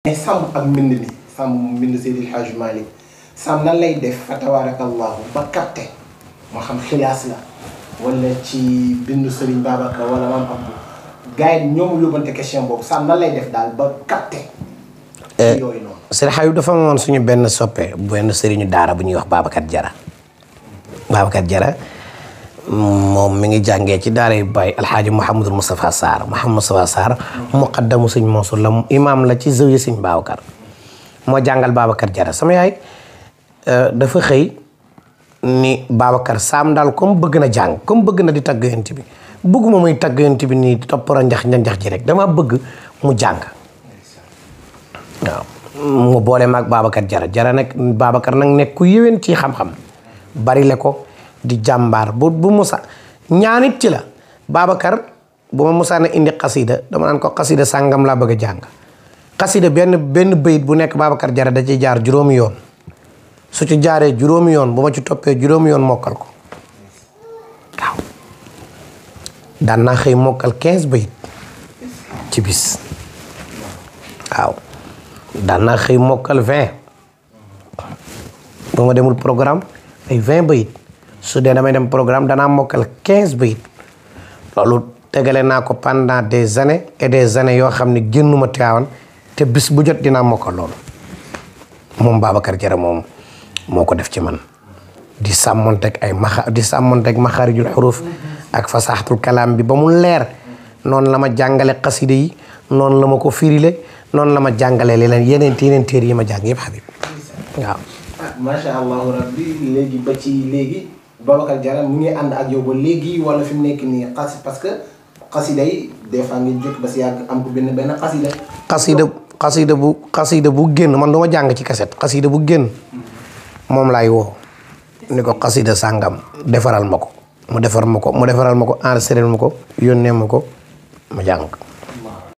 mais sàmm ak mbind mi sàmm mbind Seydil Hadji Malick sàmm nan lay def fa tabaarakallaahu ba capté moo xam xilaas la wala ci bindu Serigne Babacar wala maam Abdou gars yi ñoom yóbbante question boobu sàmm nan lay def daal ba capté. Eh, yooyu noonu. dafa amoon suñu benn soppe benn Serigne daara bu ñuy wax Babacar Jara Babacar Jara. moom mi ngi jàngee ci daaray Baye alxaaji Mouhamadul Moustapha Sarr Mouhamadou Moustapha Sarr muqaddamu sëñ Mansour la imaam la ci zawiya sëñ Babacar moo jàngal Babacar Jara sama yaay euh, dafa xëy ni Babacar saam daal comme bëgg na jàng comme bëgg na di tagg yonent bi bëgguma muy tagg bi nii toppara njax njax ji rek dama bëgg mu jàng waaw mu boole maag Babacar Jara Jara nag Babacar nag nekk ku yéwén ci xam-xam bari le ko di jàmbaar bu bu musa ñaanit ci la Babacar bu ma musaa indi xasida dama naan ko xasida sàngam laa bëgg jàng xasida benn benn bayit bu nekk Babacar Jara da ciy jaar juróomi yoon su ci jaaree juróomi yoon bu ma ci toppee juróom yoon mokkal ko waaw daan naa xëy mokkal 15 bayit ci bis waaw daan ma demul programme ay 20 bayit Sudah dee program program dan amo kel 15 bayit loolu tegale na ko panda des années et eh, des années yo xamni gennuma génnuma te bis bu jot dina moko loolu mom babakar jere mom moko def ci man di ak ay makha di ak makharijul huruf ak fasahatul kalam bi bamul mu leer non lama ma jàngale yi non lama ko firile non lama ma lenen yenen tinen yeneen yi ma jàng yëpp Habib ma sha allah rabbi legi ba ci legi Babacar Diarra mu ngi ànd ak yow ba léegi wala fi mu nekk nii parce que xasida yi des fois ngi jëkk ba si yàgg am ko benn benn xasida xasida bu xasida bu génn man du ma jàng ci kaset xasida bu génn moom laay woo ni ko xasida sàngam defaral ma ko mu defar ma ko mu defaral ma ko enregistré ma ko yónnee ma ko ma jàng